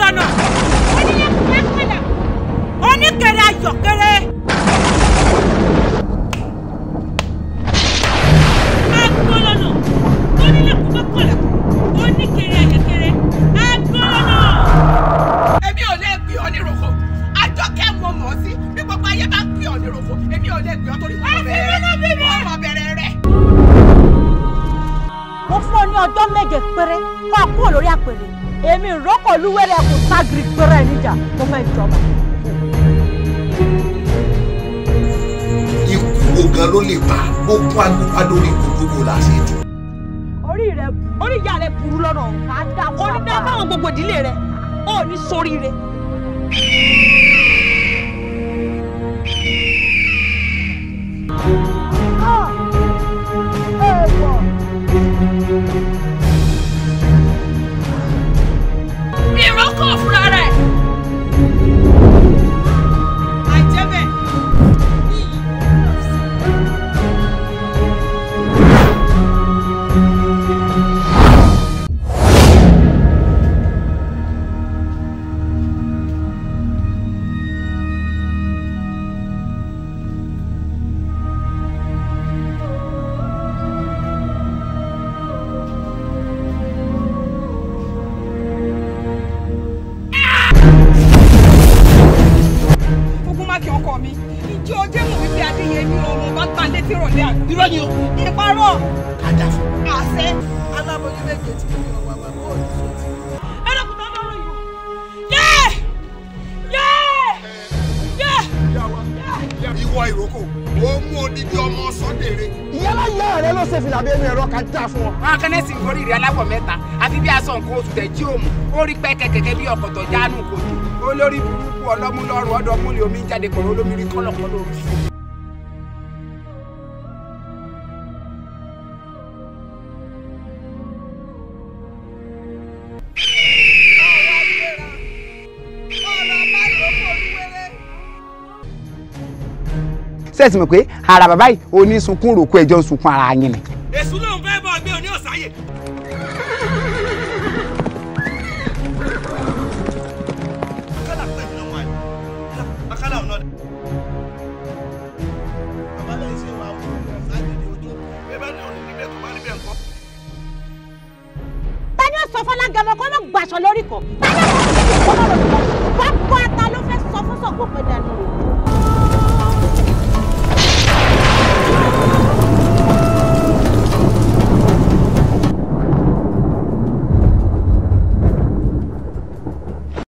lọ́nà. oníkèrè ayọ̀kèrè. agbọ́lọ́nà onílẹ̀kùn mọ́kànlẹ̀kùn oníkèrè ayọ̀kèrè agbọ́lọ́nà. èmi ò lè gbé ọ ní roko àjọkẹ́ mo mọ̀ ọ́ sí bí gbogbo ayé bá ń gbé ọ ní roko èmi ò lè gbé ọ torí wọ́n bẹ̀rẹ̀ rẹ̀. mo fún ọ ní ọjọ́ méje péré kọ́ kúrò lórí àpèrè èmi ìrókò olúwẹ̀rẹ̀ kò ságiri gbẹ́rẹ́ níjà mo fẹ́ jọba. ikú wo gan ló lè pa ó kún agbópa lórí gbogbo làásì jù. orí rẹ orí ìyá rẹ burú lọ́nà ká dá fún wa. onídàá fáwọn gbogbo ìdílé rẹ ó ní sórí rẹ. Oh! Ah! Hey, òkè ọkọ mi ìjọ ọjọ́ mọ̀ wípé adéyẹmí ọmọ bá ta létí ìrọ̀lẹ́ àná. irọ́ ni o. ìparọ́. àdàfọ̀. àṣẹ. aláboyún méje ti fi ọwọ́ àwọn ọmọ ọ̀dọ́ sọ́ọ̀tì. ẹ tó ń lọ́rọ̀ yìí. yẹ́ yẹ́ yẹ́. ìwọ ìrókò ó mú odidi ọmọ sọ́dẹ̀rẹ̀. ìyálà ìyá rẹ ló ṣe fìlà bẹ́ẹ̀ ní ẹ̀rọ kan dá fún ọ. wọn sì ń gorí ìrẹ́ mẹ́ta àfi bí aṣọ nǹkan oṣù tẹ̀ jí òmù ó rí pẹ́ kẹ̀kẹ́kẹ́ bí ọkọ̀ tó jáánu olórí burúkú ọlọ́múlọ́rùn ọ̀dọ́múlẹ̀ omi jáde kọ̀rọ̀ olómi rí kọ́lọ̀kọ́lọ̀ omi. sẹ́ẹ̀sì mọ̀ pé ara bàbá yìí onísunkún ròkú ẹjọ́ ń sunkún ara yín ni. èṣù lòun fẹ́ bọ̀ gbé oní ọ̀sáyè. sọ fọlágàmọ kọ́ ló gbàṣọ lórí kan.